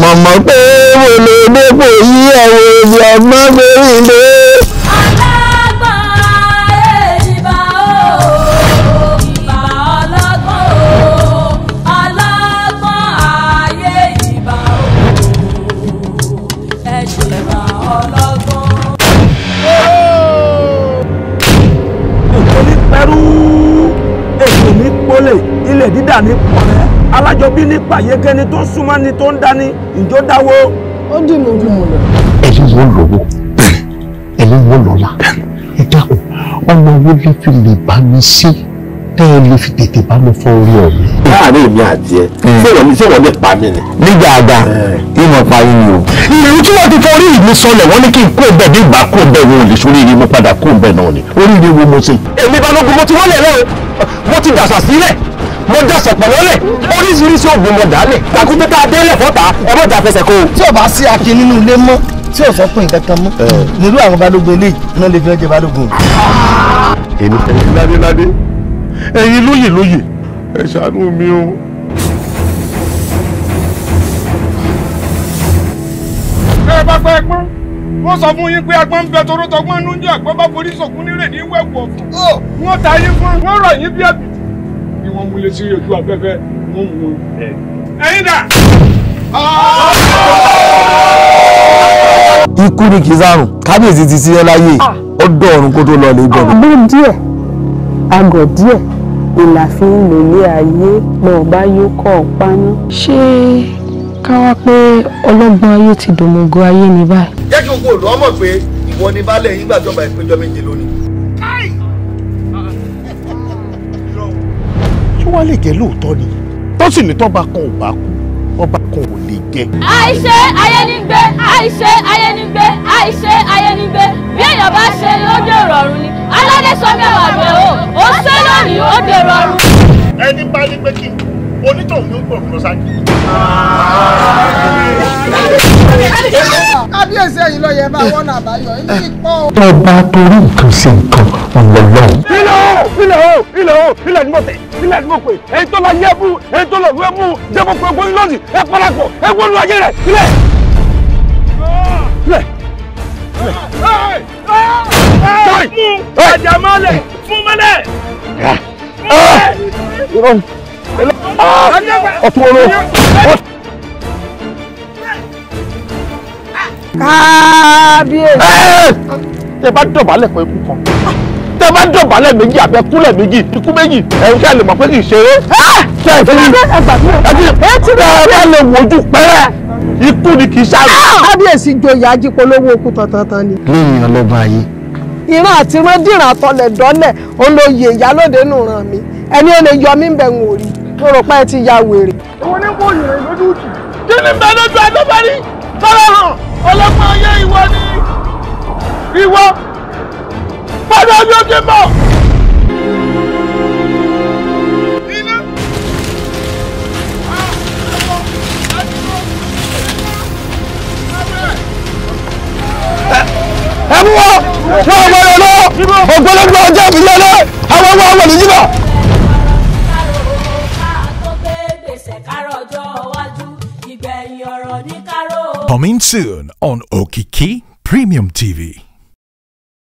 mọ̀mọ́ pé mo lè dépò yí ẹ̀wọ̀n èdè ọgbọ́n lórí ilé. ètò ní pẹ́rú ètò ní pólè ilẹ̀ dídà ní pọ̀rẹ́ alájọbí ní pàyékẹ́ni tó ń súnmọ́ ni tó ń dání ìjọ dáwó. ó dì mí ojú mọ̀lẹ́. ẹ̀yin wọ́n lọ́wọ́ ẹ̀yin wọ́n lọ́la ẹ dákun ọmọ wo lè fi lè bá mi sí tẹ́ ẹ lè fi tètè bá mi fọ orí ọ̀ mi. láàárín èmi àti ẹ sẹ́wọ̀n mi sẹ́wọ̀n lè pa mí ni. nígbà àgbà ìmọ̀ pa yín o. ìlú tí wọ́n ti fọ orí mi sọlẹ̀ wọ́n ní kí n kó bẹ́ẹ̀ bí ìgbà kó bẹ́ẹ̀ wọn ò lè sórí ìrìn mo padà kó bẹ́ẹ̀ náà ni orí mi wo mo ṣe. èmi balógun mo ti wọlé lọ́wọ́ mo ti dàṣà sílẹ̀ mo dẹ̀sẹ̀ pẹ̀lú ọ̀lẹ̀ oríṣiríṣi oògùn mo dà á lẹ̀ takuntẹ́ tá a délẹ̀ fọ́ta ẹ mọ̀ jà fẹsẹ̀ kó. tí o bá sí akin nínú ilé mọ́ tí o sọ pé nǹkan mọ́ nílùú àwọn balógun eléyìí náà lè fi ọjọ́ balógun. èmi ẹ̀yin ládé ẹ̀yin lóyè lóyè ẹ ṣàánú mi o. ẹ bá pẹ́ pọ́n wọ́n sọ fún yín pé agbọ́n ń bẹ toró nínú jẹ́ àgbọ́n bá forí sọ̀kún nírè ní wẹ̀wọ̀ fún. Oh! wọ́n ta yín fún wọ́n rọ̀ yín bí ẹ̀bì bí wọ́n múlé sí ojú afẹ́fẹ́ wọ́n mú wọn. ẹ̀yin dà. ikú ni kì í sàrùn kábíyèsí ti sílẹ̀ láyé ọdọ ọ̀run kó tó lọ lè bọ̀. àgbo díẹ̀ àgọ̀ díẹ̀ ìlà fi ń lòlé ayé lọ́ọ̀ bá yóò kọ́ ọ paná. ṣé ká wá pé ọlọ́gbọ́n ayé ti dòmògo ayé ni báyìí. jẹ́ kí n kò lọ́ mọ̀ pé ìwọ ni baálé yín gbàjọba ìpéjọ méje lónìí. tó wá lè jẹ́ lóòótọ́ ni tó sì ní tọ́ba kan ò bá kú ọba kan ò lè jẹ. àìṣe ayénígbé àìṣe ayénígbé àìṣe ayénígbé bí èèyàn bá ṣe ló dèrò ni aládé sọ mẹ́wàá rẹ̀ o ó ṣe lónìí ó dèrò ọ̀run. ẹni bá ní pé kí onítọ̀hún ló ń pọ̀ fún ṣáájú. kábíyèsí ẹ̀yin ló yẹ bá wọn àbáyọ ilé ìpọ́. tọ́ba torí nǹkan sí nǹkan ọ̀lọ́lọ́. ilé o ilé o ilé o ilé ni mo tẹ̀ ìpínlẹ̀ ni mo pè èyí tó lọ yẹ mú èyí tó lọ wé mú jẹ́ mo pè gbóyún lọ́sì ẹ parapọ̀ ẹ wọ́n lu ayé rẹ̀ sílẹ̀. mú ẹ̀jẹ̀ mọ́lẹ̀ fún mọ́lẹ̀. Ah. Ah. ọ̀tún olóò. kábíyèsí. ẹ bá dọ̀bálẹ̀ pẹ̀lú kan bá dọ̀bálẹ̀ méjì àbẹ kúlẹ̀ méjì ikú méjì ẹ̀rù kí a lè mọ̀ pé kì í ṣeré. ṣe é ti ẹ bá lè wojú pẹ́rẹ́ ikú ni kì í ṣàrò. Ah! kábíyèsí joyè ajípolówó okú tantan ni. lẹ́yìn ọlọ́ba yìí. ìran àti ìran dìran àtọlẹ̀ dọ́lẹ̀ olóye ìyálòdè nù ràn mí ẹni ó lè yọ mí bẹ̀ ń òrì mo rò pé ẹ ti ya wèrè. òun ní kò yèrè lójú jù. kí ni bẹ́ẹ̀ lójú adébárí sọ̀rọ̀ hàn ọlọ́pàá ayé ìwọ ni ìwọ padà ní òkè mọ́. ẹ mú wọn wọn ò gbọ́dọ̀ lọ ògbólógbò ọjọ́ ìbílẹ̀ lọ àwọn ọmọ ọmọ nìyí náà. Coming soon on Okiki Premium TV.